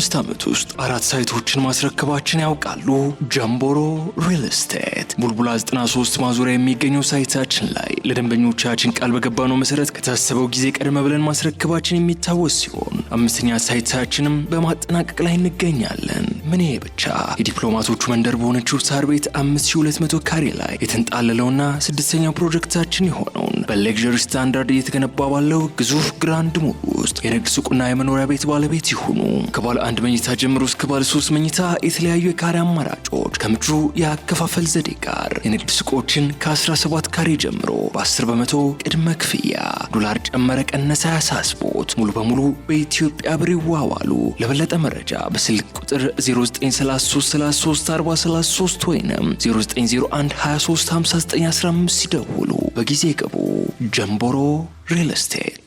አምስት ዓመት ውስጥ አራት ሳይቶችን ማስረከባችን ያውቃሉ? ጃምቦሮ ሪል ስቴት ቡልቡላ 93 ማዞሪያ የሚገኘው ሳይታችን ላይ ለደንበኞቻችን ቃል በገባነው መሰረት ከታሰበው ጊዜ ቀድመ ብለን ማስረከባችን የሚታወስ ሲሆን አምስተኛ ሳይታችንም በማጠናቀቅ ላይ እንገኛለን። ምን ይሄ ብቻ! የዲፕሎማቶቹ መንደር በሆነችው ሳር ቤት 5200 ካሬ ላይ የተንጣለለውና ስድስተኛው ፕሮጀክታችን የሆነውን በሌክዥሪ ስታንዳርድ እየተገነባ ባለው ግዙፍ ግራንድ ሞል ውስጥ የንግድ ሱቁና የመኖሪያ ቤት ባለቤት ይሁኑ። ከባለ ከአንድ መኝታ ጀምሮ እስከ ባለ ሶስት መኝታ የተለያዩ የካሬ አማራጮች ከምቹ የአከፋፈል ዘዴ ጋር የንግድ ሱቆችን ከ17 ካሬ ጀምሮ በ10 በመቶ ቅድመ ክፍያ ዶላር ጨመረ ቀነሰ ያሳስቦት ሙሉ በሙሉ በኢትዮጵያ ብር ይዋዋሉ። ለበለጠ መረጃ በስልክ ቁጥር 0933334033 ወይም 0901235915 ሲደውሉ በጊዜ ግቡ። ጀምቦሮ ሪል ስቴት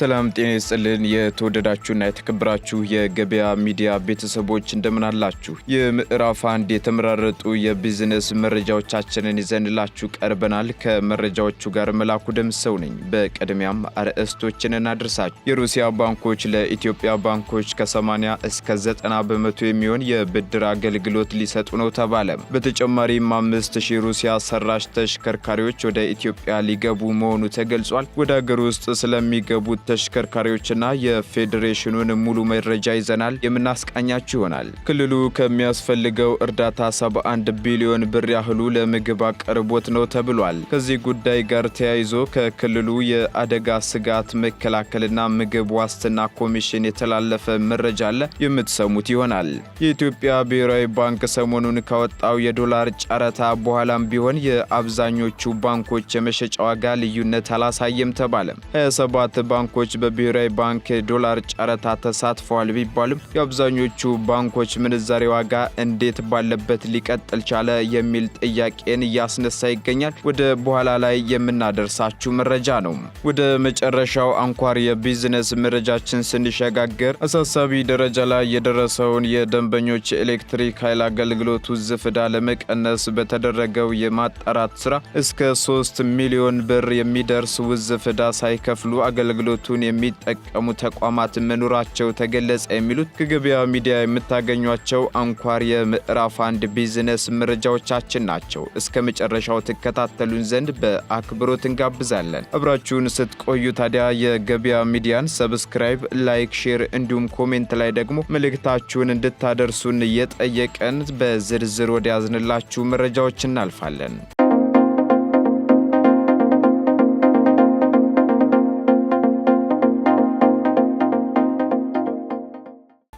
ሰላም ጤና ይስጥልን። የተወደዳችሁና የተከበራችሁ የገበያ ሚዲያ ቤተሰቦች እንደምን አላችሁ? የምዕራፍ አንድ የተመራረጡ የቢዝነስ መረጃዎቻችንን ይዘንላችሁ ቀርበናል። ከመረጃዎቹ ጋር መላኩ ደምሰው ነኝ። በቅድሚያም አርዕስቶችን እናድርሳችሁ። የሩሲያ ባንኮች ለኢትዮጵያ ባንኮች ከ80 እስከ 90 በመቶ የሚሆን የብድር አገልግሎት ሊሰጡ ነው ተባለ። በተጨማሪም አምስት ሺህ ሩሲያ ሰራሽ ተሽከርካሪዎች ወደ ኢትዮጵያ ሊገቡ መሆኑ ተገልጿል። ወደ አገር ውስጥ ስለሚገቡት ተሽከርካሪዎችና የፌዴሬሽኑን ሙሉ መረጃ ይዘናል የምናስቃኛችሁ ይሆናል። ክልሉ ከሚያስፈልገው እርዳታ 71 ቢሊዮን ብር ያህሉ ለምግብ አቅርቦት ነው ተብሏል። ከዚህ ጉዳይ ጋር ተያይዞ ከክልሉ የአደጋ ስጋት መከላከልና ምግብ ዋስትና ኮሚሽን የተላለፈ መረጃ አለ የምትሰሙት ይሆናል። የኢትዮጵያ ብሔራዊ ባንክ ሰሞኑን ካወጣው የዶላር ጨረታ በኋላም ቢሆን የአብዛኞቹ ባንኮች የመሸጫ ዋጋ ልዩነት አላሳየም ተባለ። 27 ባንኮ ባንኮች በብሔራዊ ባንክ ዶላር ጨረታ ተሳትፈዋል ቢባልም የአብዛኞቹ ባንኮች ምንዛሬ ዋጋ እንዴት ባለበት ሊቀጥል ቻለ የሚል ጥያቄን እያስነሳ ይገኛል። ወደ በኋላ ላይ የምናደርሳችሁ መረጃ ነው። ወደ መጨረሻው አንኳር የቢዝነስ መረጃችን ስንሸጋገር አሳሳቢ ደረጃ ላይ የደረሰውን የደንበኞች ኤሌክትሪክ ኃይል አገልግሎት ውዝፍ ዕዳ ለመቀነስ በተደረገው የማጣራት ስራ እስከ 3 ሚሊዮን ብር የሚደርስ ውዝፍ ዕዳ ሳይከፍሉ አገልግሎት መብቱን የሚጠቀሙ ተቋማት መኖራቸው ተገለጸ። የሚሉት ከገበያ ሚዲያ የምታገኟቸው አንኳር የምዕራፍ አንድ ቢዝነስ መረጃዎቻችን ናቸው። እስከ መጨረሻው ትከታተሉን ዘንድ በአክብሮት እንጋብዛለን። አብራችሁን ስትቆዩ ታዲያ የገበያ ሚዲያን ሰብስክራይብ፣ ላይክ፣ ሼር እንዲሁም ኮሜንት ላይ ደግሞ መልእክታችሁን እንድታደርሱን እየጠየቀን በዝርዝር ወደ ያዝንላችሁ መረጃዎች እናልፋለን።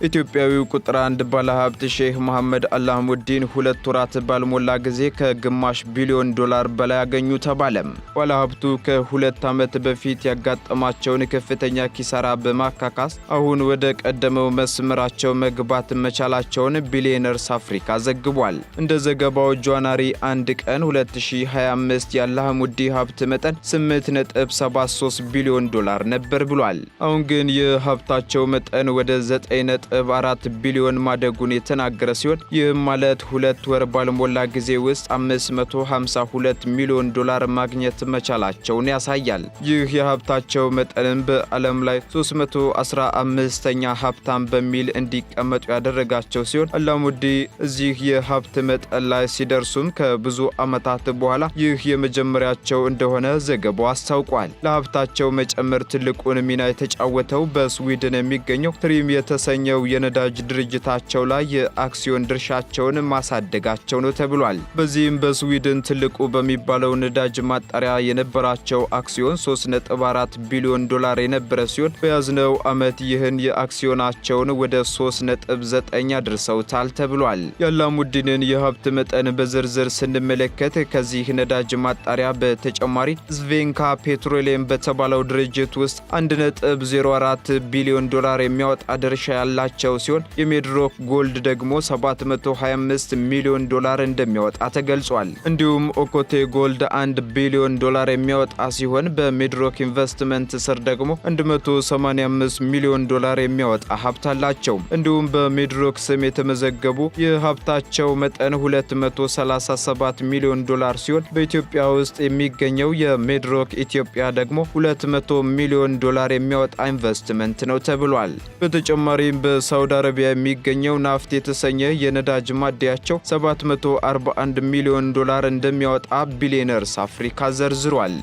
ኢትዮጵያዊው ቁጥር አንድ ባለሀብት ሼህ መሐመድ አላህሙዲን ሁለት ወራት ባልሞላ ጊዜ ከግማሽ ቢሊዮን ዶላር በላይ አገኙ ተባለም። ባለሀብቱ ከሁለት ዓመት በፊት ያጋጠማቸውን ከፍተኛ ኪሳራ በማካካስ አሁን ወደ ቀደመው መስመራቸው መግባት መቻላቸውን ቢሊዮነርስ አፍሪካ ዘግቧል። እንደ ዘገባው ጃንዋሪ 1 ቀን 2025 የአላህሙዲ ሀብት መጠን 8.73 ቢሊዮን ዶላር ነበር ብሏል። አሁን ግን የሀብታቸው መጠን ወደ 9 ነጥብ አራት ቢሊዮን ማደጉን የተናገረ ሲሆን ይህም ማለት ሁለት ወር ባልሞላ ጊዜ ውስጥ 552 ሚሊዮን ዶላር ማግኘት መቻላቸውን ያሳያል። ይህ የሀብታቸው መጠንም በዓለም ላይ 315ኛ ሀብታም በሚል እንዲቀመጡ ያደረጋቸው ሲሆን አላሙዲ እዚህ የሀብት መጠን ላይ ሲደርሱም ከብዙ ዓመታት በኋላ ይህ የመጀመሪያቸው እንደሆነ ዘገባው አስታውቋል። ለሀብታቸው መጨመር ትልቁን ሚና የተጫወተው በስዊድን የሚገኘው ትሪም የተሰኘው የነዳጅ ድርጅታቸው ላይ የአክሲዮን ድርሻቸውን ማሳደጋቸው ነው ተብሏል። በዚህም በስዊድን ትልቁ በሚባለው ነዳጅ ማጣሪያ የነበራቸው አክሲዮን 3.4 ቢሊዮን ዶላር የነበረ ሲሆን በያዝነው ዓመት ይህን የአክሲዮናቸውን ወደ 3.9 አድርሰውታል ተብሏል። የአላሙዲንን የሀብት መጠን በዝርዝር ስንመለከት ከዚህ ነዳጅ ማጣሪያ በተጨማሪ ዝቬንካ ፔትሮሌም በተባለው ድርጅት ውስጥ 1.04 ቢሊዮን ዶላር የሚያወጣ ድርሻ ያላቸው ያላቸው ሲሆን የሜድሮክ ጎልድ ደግሞ 725 ሚሊዮን ዶላር እንደሚያወጣ ተገልጿል። እንዲሁም ኦኮቴ ጎልድ 1 ቢሊዮን ዶላር የሚያወጣ ሲሆን በሜድሮክ ኢንቨስትመንት ስር ደግሞ 185 ሚሊዮን ዶላር የሚያወጣ ሀብት አላቸው። እንዲሁም በሜድሮክ ስም የተመዘገቡ የሀብታቸው መጠን 237 ሚሊዮን ዶላር ሲሆን በኢትዮጵያ ውስጥ የሚገኘው የሜድሮክ ኢትዮጵያ ደግሞ 200 ሚሊዮን ዶላር የሚያወጣ ኢንቨስትመንት ነው ተብሏል። በተጨማሪም በ በሳውዲ አረቢያ የሚገኘው ናፍት የተሰኘ የነዳጅ ማደያቸው 741 ሚሊዮን ዶላር እንደሚያወጣ ቢሊዮነርስ አፍሪካ ዘርዝሯል።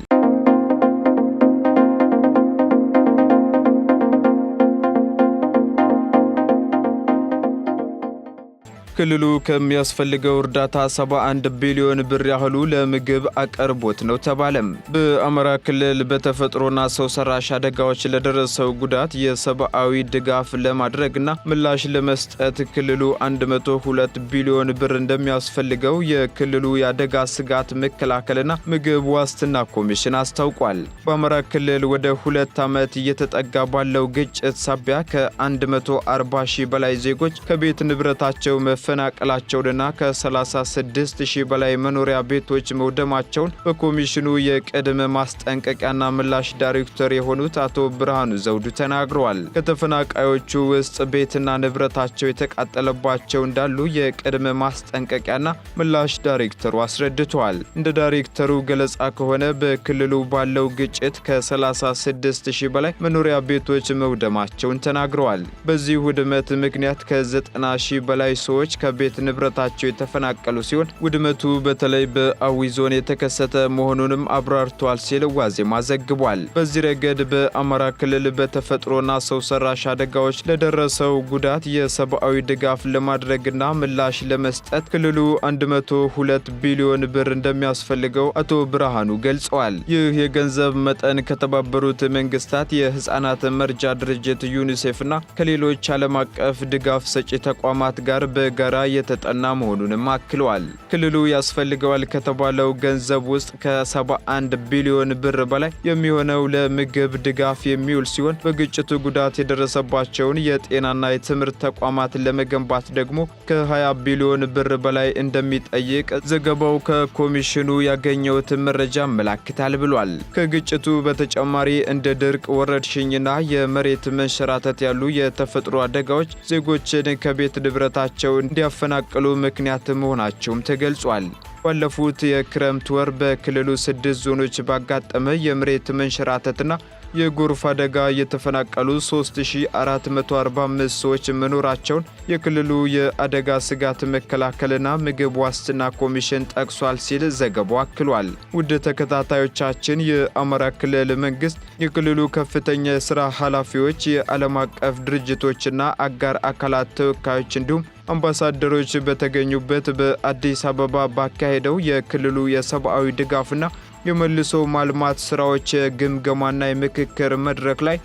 ክልሉ ከሚያስፈልገው እርዳታ 71 ቢሊዮን ብር ያህሉ ለምግብ አቅርቦት ነው ተባለም። በአማራ ክልል በተፈጥሮና ሰው ሰራሽ አደጋዎች ለደረሰው ጉዳት የሰብአዊ ድጋፍ ለማድረግና ምላሽ ለመስጠት ክልሉ 102 ቢሊዮን ብር እንደሚያስፈልገው የክልሉ የአደጋ ስጋት መከላከልና ምግብ ዋስትና ኮሚሽን አስታውቋል። በአማራ ክልል ወደ ሁለት ዓመት እየተጠጋ ባለው ግጭት ሳቢያ ከ140 ሺህ በላይ ዜጎች ከቤት ንብረታቸው መፈ መፈናቀላቸውንና ከ36 ሺህ በላይ መኖሪያ ቤቶች መውደማቸውን በኮሚሽኑ የቅድመ ማስጠንቀቂያና ምላሽ ዳይሬክተር የሆኑት አቶ ብርሃኑ ዘውዱ ተናግረዋል። ከተፈናቃዮቹ ውስጥ ቤትና ንብረታቸው የተቃጠለባቸው እንዳሉ የቅድመ ማስጠንቀቂያና ምላሽ ዳይሬክተሩ አስረድተዋል። እንደ ዳይሬክተሩ ገለጻ ከሆነ በክልሉ ባለው ግጭት ከ36 ሺህ በላይ መኖሪያ ቤቶች መውደማቸውን ተናግረዋል። በዚህ ውድመት ምክንያት ከ90 ሺህ በላይ ሰዎች ከቤት ንብረታቸው የተፈናቀሉ ሲሆን ውድመቱ በተለይ በአዊ ዞን የተከሰተ መሆኑንም አብራርቷል ሲል ዋዜማ ዘግቧል። በዚህ ረገድ በአማራ ክልል በተፈጥሮና ሰው ሰራሽ አደጋዎች ለደረሰው ጉዳት የሰብአዊ ድጋፍ ለማድረግና ምላሽ ለመስጠት ክልሉ 102 ቢሊዮን ብር እንደሚያስፈልገው አቶ ብርሃኑ ገልጸዋል። ይህ የገንዘብ መጠን ከተባበሩት መንግስታት የህፃናት መርጃ ድርጅት ዩኒሴፍና ከሌሎች ዓለም አቀፍ ድጋፍ ሰጪ ተቋማት ጋር በጋ በጋራ የተጠና መሆኑንም አክለዋል። ክልሉ ያስፈልገዋል ከተባለው ገንዘብ ውስጥ ከ71 ቢሊዮን ብር በላይ የሚሆነው ለምግብ ድጋፍ የሚውል ሲሆን በግጭቱ ጉዳት የደረሰባቸውን የጤናና የትምህርት ተቋማት ለመገንባት ደግሞ ከ20 ቢሊዮን ብር በላይ እንደሚጠይቅ ዘገባው ከኮሚሽኑ ያገኘውትን መረጃ አመላክታል ብሏል። ከግጭቱ በተጨማሪ እንደ ድርቅ፣ ወረርሽኝና የመሬት መንሸራተት ያሉ የተፈጥሮ አደጋዎች ዜጎችን ከቤት ንብረታቸው እንደ እንዲያፈናቅሉ ምክንያት መሆናቸውም ተገልጿል። ባለፉት የክረምት ወር በክልሉ ስድስት ዞኖች ባጋጠመ የመሬት መንሸራተትና የጎርፍ አደጋ የተፈናቀሉ 3445 ሰዎች መኖራቸውን የክልሉ የአደጋ ስጋት መከላከልና ምግብ ዋስትና ኮሚሽን ጠቅሷል ሲል ዘገባው አክሏል። ውድ ተከታታዮቻችን፣ የአማራ ክልል መንግስት፣ የክልሉ ከፍተኛ የሥራ ኃላፊዎች፣ የዓለም አቀፍ ድርጅቶችና አጋር አካላት ተወካዮች እንዲሁም አምባሳደሮች በተገኙበት በአዲስ አበባ ባካሄደው የክልሉ የሰብአዊ ድጋፍና የመልሶ ማልማት ስራዎች የግምገማና የምክክር መድረክ ላይ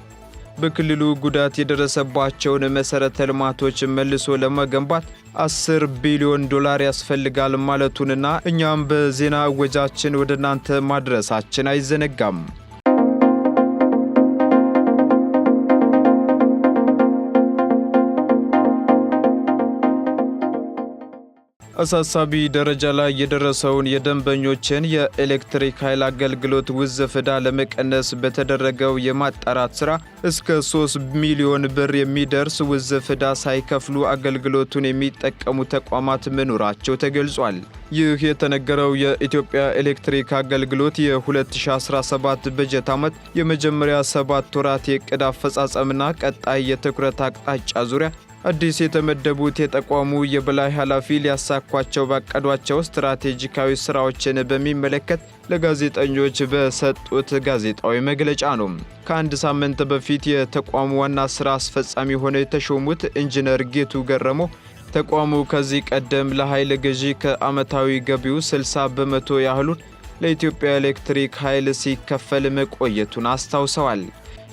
በክልሉ ጉዳት የደረሰባቸውን መሰረተ ልማቶች መልሶ ለመገንባት 10 ቢሊዮን ዶላር ያስፈልጋል ማለቱንና እኛም በዜና እወጃችን ወደ እናንተ ማድረሳችን አይዘነጋም። አሳሳቢ ደረጃ ላይ የደረሰውን የደንበኞችን የኤሌክትሪክ ኃይል አገልግሎት ውዝፍ ዕዳ ለመቀነስ በተደረገው የማጣራት ሥራ እስከ 3 ሚሊዮን ብር የሚደርስ ውዝፍ ዕዳ ሳይከፍሉ አገልግሎቱን የሚጠቀሙ ተቋማት መኖራቸው ተገልጿል። ይህ የተነገረው የኢትዮጵያ ኤሌክትሪክ አገልግሎት የ2017 በጀት ዓመት የመጀመሪያ ሰባት ወራት የዕቅድ አፈጻጸምና ቀጣይ የትኩረት አቅጣጫ ዙሪያ አዲስ የተመደቡት የተቋሙ የበላይ ኃላፊ ሊያሳኳቸው ባቀዷቸው ስትራቴጂካዊ ስራዎችን በሚመለከት ለጋዜጠኞች በሰጡት ጋዜጣዊ መግለጫ ነው። ከአንድ ሳምንት በፊት የተቋሙ ዋና ስራ አስፈጻሚ ሆነው የተሾሙት ኢንጂነር ጌቱ ገረሞ ተቋሙ ከዚህ ቀደም ለኃይል ገዢ ከዓመታዊ ገቢው 60 በመቶ ያህሉን ለኢትዮጵያ ኤሌክትሪክ ኃይል ሲከፈል መቆየቱን አስታውሰዋል።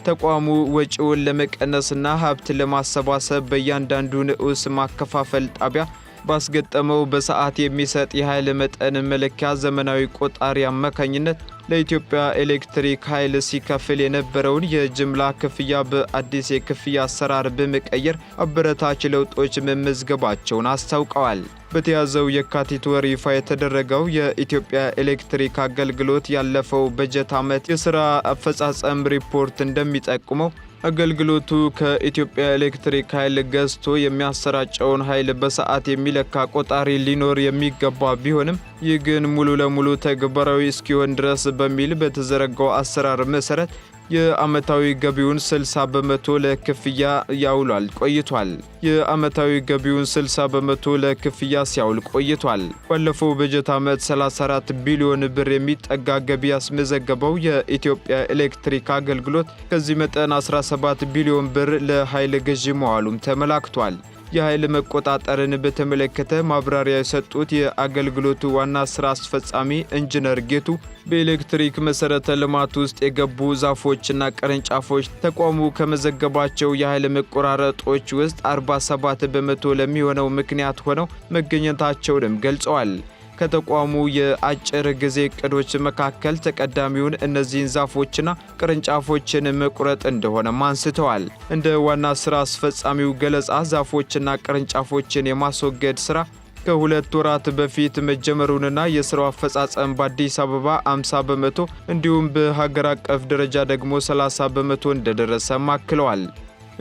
ተቋሙ ወጪውን ለመቀነስና ሀብት ለማሰባሰብ በእያንዳንዱ ንዑስ ማከፋፈል ጣቢያ ባስገጠመው በሰዓት የሚሰጥ የኃይል መጠን መለኪያ ዘመናዊ ቆጣሪ አማካኝነት ለኢትዮጵያ ኤሌክትሪክ ኃይል ሲከፍል የነበረውን የጅምላ ክፍያ በአዲስ የክፍያ አሰራር በመቀየር አበረታች ለውጦች መመዝገባቸውን አስታውቀዋል። በተያዘው የካቲት ወር ይፋ የተደረገው የኢትዮጵያ ኤሌክትሪክ አገልግሎት ያለፈው በጀት ዓመት የሥራ አፈጻጸም ሪፖርት እንደሚጠቁመው አገልግሎቱ ከኢትዮጵያ ኤሌክትሪክ ኃይል ገዝቶ የሚያሰራጨውን ኃይል በሰዓት የሚለካ ቆጣሪ ሊኖር የሚገባ ቢሆንም ይህ ግን ሙሉ ለሙሉ ተግባራዊ እስኪሆን ድረስ በሚል በተዘረጋው አሰራር መሰረት የአመታዊ ገቢውን 60 በመቶ ለክፍያ ያውሏል ቆይቷል። የአመታዊ ገቢውን 60 በመቶ ለክፍያ ሲያውል ቆይቷል። ባለፈው በጀት ዓመት 34 ቢሊዮን ብር የሚጠጋ ገቢ ያስመዘገበው የኢትዮጵያ ኤሌክትሪክ አገልግሎት ከዚህ መጠን 17 ቢሊዮን ብር ለኃይል ግዢ መዋሉም ተመላክቷል። የኃይል መቆጣጠርን በተመለከተ ማብራሪያ የሰጡት የአገልግሎቱ ዋና ስራ አስፈጻሚ ኢንጂነር ጌቱ በኤሌክትሪክ መሰረተ ልማት ውስጥ የገቡ ዛፎችና ቅርንጫፎች ተቋሙ ከመዘገባቸው የኃይል መቆራረጦች ውስጥ 47 በመቶ ለሚሆነው ምክንያት ሆነው መገኘታቸውንም ገልጸዋል። ከተቋሙ የአጭር ጊዜ እቅዶች መካከል ተቀዳሚውን እነዚህን ዛፎችና ቅርንጫፎችን መቁረጥ እንደሆነም አንስተዋል። እንደ ዋና ስራ አስፈጻሚው ገለጻ ዛፎችና ቅርንጫፎችን የማስወገድ ስራ ከሁለት ወራት በፊት መጀመሩንና የስራው አፈጻጸም በአዲስ አበባ 50 በመቶ እንዲሁም በሀገር አቀፍ ደረጃ ደግሞ 30 በመቶ እንደደረሰም አክለዋል።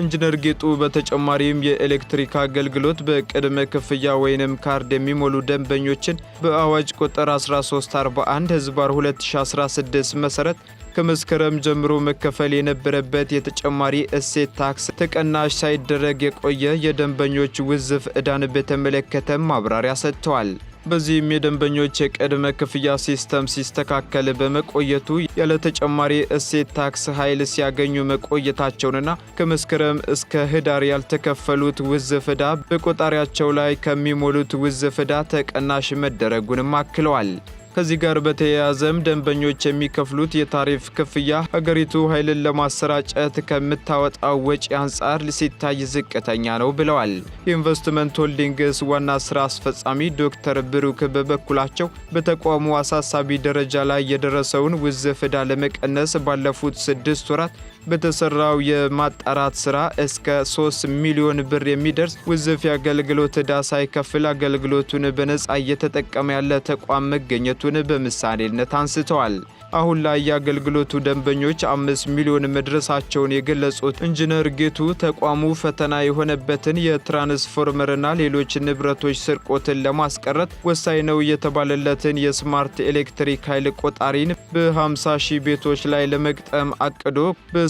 ኢንጂነር ጌጡ በተጨማሪም የኤሌክትሪክ አገልግሎት በቅድመ ክፍያ ወይንም ካርድ የሚሞሉ ደንበኞችን በአዋጅ ቁጥር 1341 ህዝባር 2016 መሠረት ከመስከረም ጀምሮ መከፈል የነበረበት የተጨማሪ እሴት ታክስ ተቀናሽ ሳይደረግ የቆየ የደንበኞች ውዝፍ ዕዳን በተመለከተ ማብራሪያ ሰጥተዋል። በዚህም የደንበኞች የቅድመ ክፍያ ሲስተም ሲስተካከል በመቆየቱ ያለተጨማሪ እሴት ታክስ ኃይል ሲያገኙ መቆየታቸውንና ከመስከረም እስከ ህዳር ያልተከፈሉት ውዝፍ ዕዳ በቆጣሪያቸው ላይ ከሚሞሉት ውዝፍ ዕዳ ተቀናሽ መደረጉንም አክለዋል። ከዚህ ጋር በተያያዘም ደንበኞች የሚከፍሉት የታሪፍ ክፍያ ሀገሪቱ ኃይልን ለማሰራጨት ከምታወጣው ወጪ አንጻር ሲታይ ዝቅተኛ ነው ብለዋል። የኢንቨስትመንት ሆልዲንግስ ዋና ስራ አስፈጻሚ ዶክተር ብሩክ በበኩላቸው በተቋሙ አሳሳቢ ደረጃ ላይ የደረሰውን ውዝፍ ዕዳ ለመቀነስ ባለፉት ስድስት ወራት በተሰራው የማጣራት ስራ እስከ 3 ሚሊዮን ብር የሚደርስ ውዝፍ የአገልግሎት እዳ ሳይከፍል አገልግሎቱን በነፃ እየተጠቀመ ያለ ተቋም መገኘቱን በምሳሌነት አንስተዋል። አሁን ላይ የአገልግሎቱ ደንበኞች አምስት ሚሊዮን መድረሳቸውን የገለጹት ኢንጂነር ጌቱ ተቋሙ ፈተና የሆነበትን የትራንስፎርመርና ሌሎች ንብረቶች ስርቆትን ለማስቀረት ወሳኝ ነው የተባለለትን የስማርት ኤሌክትሪክ ኃይል ቆጣሪን በ50 ሺህ ቤቶች ላይ ለመግጠም አቅዶ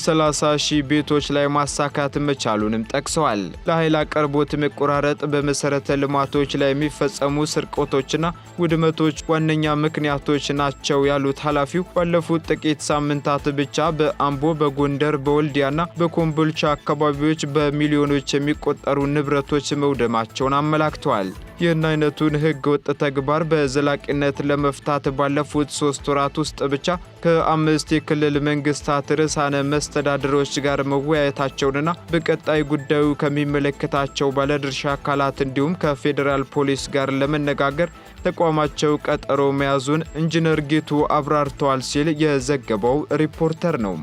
30 ሺህ ቤቶች ላይ ማሳካት መቻሉንም ጠቅሰዋል። ለኃይል አቅርቦት መቆራረጥ በመሠረተ ልማቶች ላይ የሚፈጸሙ ስርቆቶችና ውድመቶች ዋነኛ ምክንያቶች ናቸው ያሉት ኃላፊው ባለፉት ጥቂት ሳምንታት ብቻ በአምቦ፣ በጎንደር፣ በወልዲያና በኮምቦልቻ አካባቢዎች በሚሊዮኖች የሚቆጠሩ ንብረቶች መውደማቸውን አመላክተዋል። ይህን አይነቱን ህገ ወጥ ተግባር በዘላቂነት ለመፍታት ባለፉት ሶስት ወራት ውስጥ ብቻ ከአምስት የክልል መንግስታት ርዕሳነ መስተዳድሮች ጋር መወያየታቸውንና በቀጣይ ጉዳዩ ከሚመለከታቸው ባለድርሻ አካላት እንዲሁም ከፌዴራል ፖሊስ ጋር ለመነጋገር ተቋማቸው ቀጠሮ መያዙን ኢንጂነር ጌቱ አብራርተዋል ሲል የዘገበው ሪፖርተር ነው።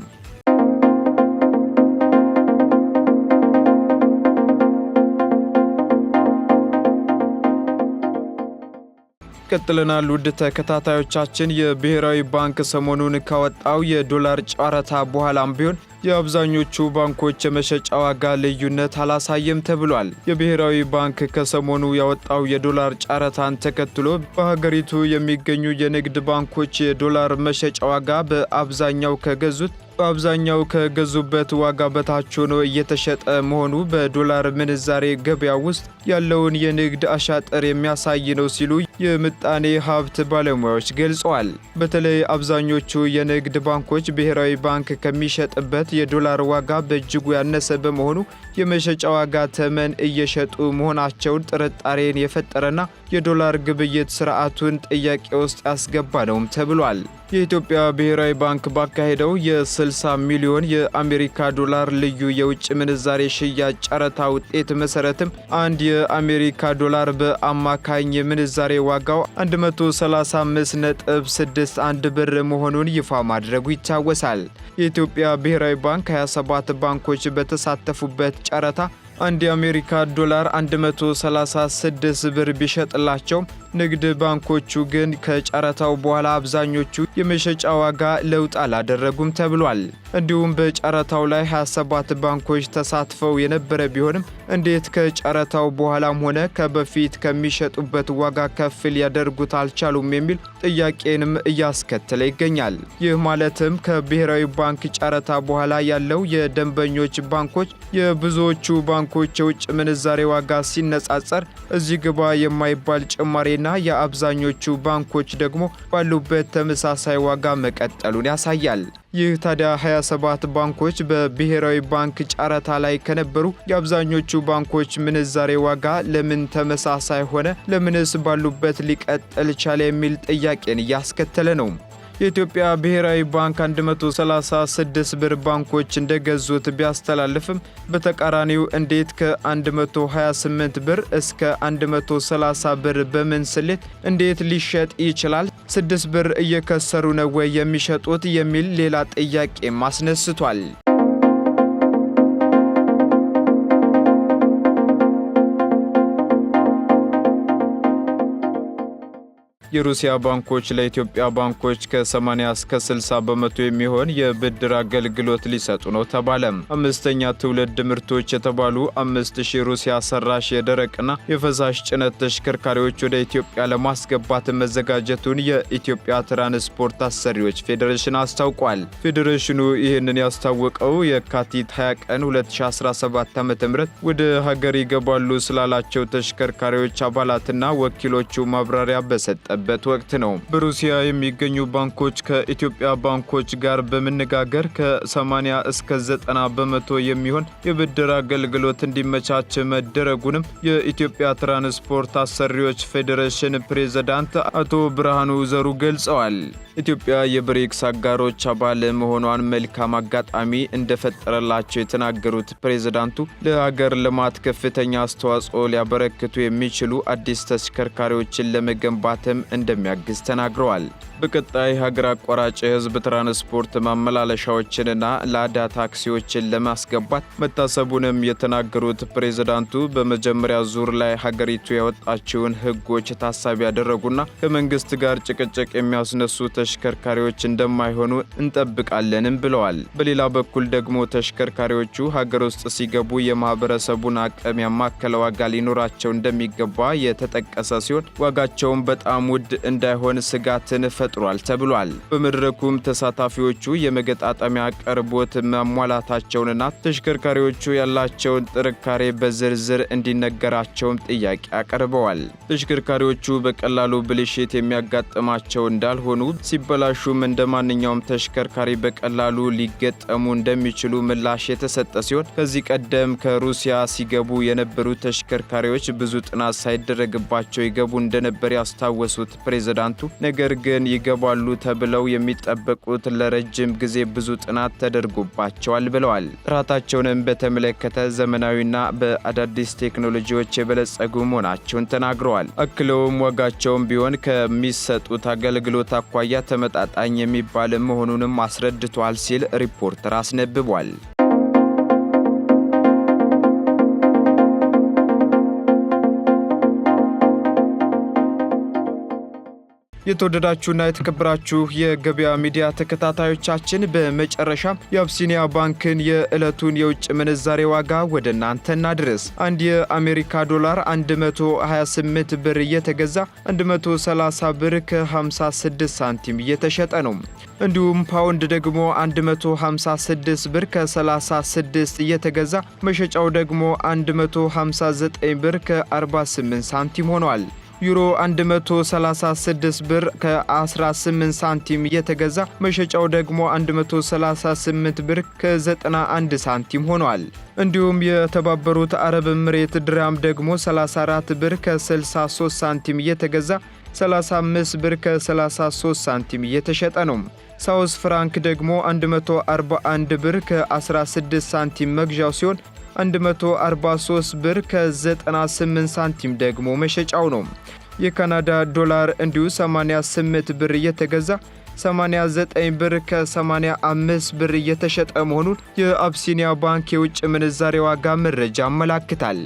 ቀጥለናል ውድ ተከታታዮቻችን። የብሔራዊ ባንክ ሰሞኑን ካወጣው የዶላር ጨረታ በኋላም ቢሆን የአብዛኞቹ ባንኮች የመሸጫ ዋጋ ልዩነት አላሳየም ተብሏል። የብሔራዊ ባንክ ከሰሞኑ ያወጣው የዶላር ጨረታን ተከትሎ በሀገሪቱ የሚገኙ የንግድ ባንኮች የዶላር መሸጫ ዋጋ በአብዛኛው ከገዙት በአብዛኛው ከገዙበት ዋጋ በታች ሆኖ እየተሸጠ መሆኑ በዶላር ምንዛሬ ገበያ ውስጥ ያለውን የንግድ አሻጠር የሚያሳይ ነው ሲሉ የምጣኔ ሀብት ባለሙያዎች ገልጸዋል። በተለይ አብዛኞቹ የንግድ ባንኮች ብሔራዊ ባንክ ከሚሸጥበት የዶላር ዋጋ በእጅጉ ያነሰ በመሆኑ የመሸጫ ዋጋ ተመን እየሸጡ መሆናቸውን ጥርጣሬን የፈጠረና የዶላር ግብይት ስርዓቱን ጥያቄ ውስጥ ያስገባ ነውም ተብሏል። የኢትዮጵያ ብሔራዊ ባንክ ባካሄደው የ60 ሚሊዮን የአሜሪካ ዶላር ልዩ የውጭ ምንዛሬ ሽያጭ ጨረታ ውጤት መሰረትም አንድ የአሜሪካ ዶላር በአማካኝ ምንዛሬ ዋጋው 135.61 ብር መሆኑን ይፋ ማድረጉ ይታወሳል። የኢትዮጵያ ብሔራዊ ባንክ 27 ባንኮች በተሳተፉበት ጨረታ አንድ የአሜሪካ ዶላር 136 ብር ቢሸጥላቸው ንግድ ባንኮቹ ግን ከጨረታው በኋላ አብዛኞቹ የመሸጫ ዋጋ ለውጥ አላደረጉም ተብሏል። እንዲሁም በጨረታው ላይ 27 ባንኮች ተሳትፈው የነበረ ቢሆንም እንዴት ከጨረታው በኋላም ሆነ ከበፊት ከሚሸጡበት ዋጋ ከፍ ሊያደርጉት አልቻሉም የሚል ጥያቄንም እያስከተለ ይገኛል። ይህ ማለትም ከብሔራዊ ባንክ ጨረታ በኋላ ያለው የደንበኞች ባንኮች የብዙዎቹ ባንኮች የውጭ ምንዛሬ ዋጋ ሲነጻጸር እዚህ ግባ የማይባል ጭማሪ የንግዴና የአብዛኞቹ ባንኮች ደግሞ ባሉበት ተመሳሳይ ዋጋ መቀጠሉን ያሳያል። ይህ ታዲያ 27 ባንኮች በብሔራዊ ባንክ ጨረታ ላይ ከነበሩ የአብዛኞቹ ባንኮች ምንዛሬ ዋጋ ለምን ተመሳሳይ ሆነ? ለምንስ ባሉበት ሊቀጥል ቻለ? የሚል ጥያቄን እያስከተለ ነው። የኢትዮጵያ ብሔራዊ ባንክ 136 ብር ባንኮች እንደገዙት ቢያስተላልፍም በተቃራኒው እንዴት ከ128 ብር እስከ 130 ብር በምን ስሌት እንዴት ሊሸጥ ይችላል? ስድስት ብር እየከሰሩ ነው ወይ የሚሸጡት? የሚል ሌላ ጥያቄም አስነስቷል። የሩሲያ ባንኮች ለኢትዮጵያ ባንኮች ከ80 እስከ 60 በመቶ የሚሆን የብድር አገልግሎት ሊሰጡ ነው ተባለ። አምስተኛ ትውልድ ምርቶች የተባሉ 5000 ሩሲያ ሰራሽ የደረቅና የፈሳሽ ጭነት ተሽከርካሪዎች ወደ ኢትዮጵያ ለማስገባት መዘጋጀቱን የኢትዮጵያ ትራንስፖርት አሰሪዎች ፌዴሬሽን አስታውቋል። ፌዴሬሽኑ ይህንን ያስታወቀው የካቲት 20 ቀን 2017 ዓ ም ወደ ሀገር ይገባሉ ስላላቸው ተሽከርካሪዎች አባላትና ወኪሎቹ ማብራሪያ በሰጠ በቀጠለበት ወቅት ነው። በሩሲያ የሚገኙ ባንኮች ከኢትዮጵያ ባንኮች ጋር በመነጋገር ከ80 እስከ 90 በመቶ የሚሆን የብድር አገልግሎት እንዲመቻች መደረጉንም የኢትዮጵያ ትራንስፖርት አሰሪዎች ፌዴሬሽን ፕሬዝዳንት አቶ ብርሃኑ ዘሩ ገልጸዋል። ኢትዮጵያ የብሪክስ አጋሮች አባል መሆኗን መልካም አጋጣሚ እንደፈጠረላቸው የተናገሩት ፕሬዝዳንቱ ለሀገር ልማት ከፍተኛ አስተዋጽኦ ሊያበረክቱ የሚችሉ አዲስ ተሽከርካሪዎችን ለመገንባትም እንደሚያግዝ ተናግረዋል። በቀጣይ ሀገር አቋራጭ የህዝብ ትራንስፖርት ማመላለሻዎችንና ላዳ ታክሲዎችን ለማስገባት መታሰቡንም የተናገሩት ፕሬዝዳንቱ በመጀመሪያ ዙር ላይ ሀገሪቱ ያወጣችውን ህጎች ታሳቢ ያደረጉና ከመንግስት ጋር ጭቅጭቅ የሚያስነሱ ተሽከርካሪዎች እንደማይሆኑ እንጠብቃለንም ብለዋል። በሌላ በኩል ደግሞ ተሽከርካሪዎቹ ሀገር ውስጥ ሲገቡ የማህበረሰቡን አቅም ያማከለ ዋጋ ሊኖራቸው እንደሚገባ የተጠቀሰ ሲሆን ዋጋቸውን በጣም ውድ እንዳይሆን ስጋትን ፈጥሯል ተብሏል። በመድረኩም ተሳታፊዎቹ የመገጣጠሚያ ቅርቦት ማሟላታቸውንና ተሽከርካሪዎቹ ያላቸውን ጥንካሬ በዝርዝር እንዲነገራቸውም ጥያቄ አቅርበዋል። ተሽከርካሪዎቹ በቀላሉ ብልሽት የሚያጋጥማቸው እንዳልሆኑ ሲበላሹም እንደ ማንኛውም ተሽከርካሪ በቀላሉ ሊገጠሙ እንደሚችሉ ምላሽ የተሰጠ ሲሆን ከዚህ ቀደም ከሩሲያ ሲገቡ የነበሩ ተሽከርካሪዎች ብዙ ጥናት ሳይደረግባቸው ይገቡ እንደነበር ያስታወሱት ያሉት ፕሬዝዳንቱ ነገር ግን ይገባሉ ተብለው የሚጠበቁት ለረጅም ጊዜ ብዙ ጥናት ተደርጎባቸዋል ብለዋል። ጥራታቸውንም በተመለከተ ዘመናዊና በአዳዲስ ቴክኖሎጂዎች የበለጸጉ መሆናቸውን ተናግረዋል። አክለውም ዋጋቸውም ቢሆን ከሚሰጡት አገልግሎት አኳያ ተመጣጣኝ የሚባል መሆኑንም አስረድቷል ሲል ሪፖርተር አስነብቧል። የተወደዳችሁና የተከበራችሁ የገበያ ሚዲያ ተከታታዮቻችን በመጨረሻ የአብሲኒያ ባንክን የዕለቱን የውጭ ምንዛሬ ዋጋ ወደ እናንተ እናድረስ። አንድ የአሜሪካ ዶላር 128 ብር እየተገዛ 130 ብር ከ56 ሳንቲም እየተሸጠ ነው። እንዲሁም ፓውንድ ደግሞ 156 ብር ከ36 እየተገዛ መሸጫው ደግሞ 159 ብር ከ48 ሳንቲም ሆኗል። ዩሮ 136 ብር ከ18 ሳንቲም እየተገዛ መሸጫው ደግሞ 138 ብር ከ91 ሳንቲም ሆኗል። እንዲሁም የተባበሩት አረብ ምሬት ድራም ደግሞ 34 ብር ከ63 ሳንቲም እየተገዛ 35 ብር ከ33 ሳንቲም እየተሸጠ ነው። ሳውስ ፍራንክ ደግሞ 141 ብር ከ16 ሳንቲም መግዣው ሲሆን 143 ብር ከ98 ሳንቲም ደግሞ መሸጫው ነው። የካናዳ ዶላር እንዲሁ 88 ብር እየተገዛ 89 ብር ከ85 ብር እየተሸጠ መሆኑን የአብሲኒያ ባንክ የውጭ ምንዛሬ ዋጋ መረጃ አመላክታል።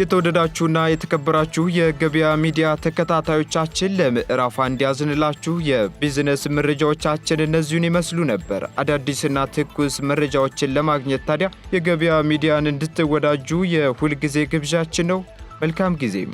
የተወደዳችሁና የተከበራችሁ የገበያ ሚዲያ ተከታታዮቻችን ለምዕራፍ አንድ ያዝንላችሁ የቢዝነስ መረጃዎቻችን እነዚሁን ይመስሉ ነበር። አዳዲስና ትኩስ መረጃዎችን ለማግኘት ታዲያ የገበያ ሚዲያን እንድትወዳጁ የሁልጊዜ ግብዣችን ነው። መልካም ጊዜም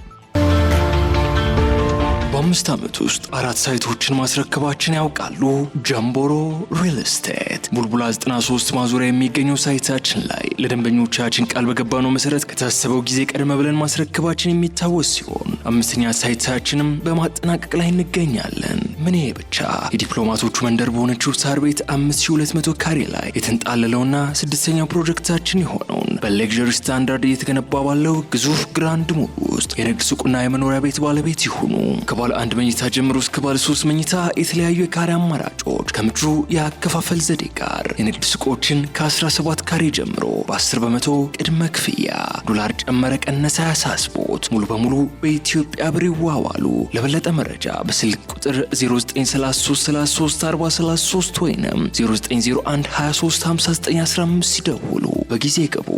አምስት ዓመት ውስጥ አራት ሳይቶችን ማስረከባችን ያውቃሉ? ጀምቦሮ ሪል ስቴት ቡልቡላ 93 ማዞሪያ የሚገኘው ሳይታችን ላይ ለደንበኞቻችን ቃል በገባነው መሰረት ከታሰበው ጊዜ ቀድመ ብለን ማስረከባችን የሚታወስ ሲሆን አምስተኛ ሳይታችንም በማጠናቀቅ ላይ እንገኛለን። ምን ይሄ ብቻ የዲፕሎማቶቹ መንደር በሆነችው ሳር ቤት 5200 ካሬ ላይ የተንጣለለውና ስድስተኛው ፕሮጀክታችን የሆነውን በሌክዠሪ ስታንዳርድ እየተገነባ ባለው ግዙፍ ግራንድ ሞል ውስጥ የንግድ ሱቁና የመኖሪያ ቤት ባለቤት ይሁኑ። ከባለ አንድ መኝታ ጀምሮ እስከ ሶስት መኝታ የተለያዩ የካሬ አማራጮች ከምቹ የአከፋፈል ዘዴ ጋር የንግድ ሱቆችን ከ17 ካሬ ጀምሮ በ10 በመቶ ቅድመ ክፍያ ዶላር ጨመረ ቀነሰ ያሳስቦት ሙሉ በሙሉ በኢትዮጵያ ብር ይዋዋሉ። ለበለጠ መረጃ በስልክ ቁጥር 0933334033 ወይም 0901235915 ሲደውሉ በጊዜ ግቡ።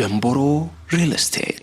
ጀምቦሮ ሪል ስቴት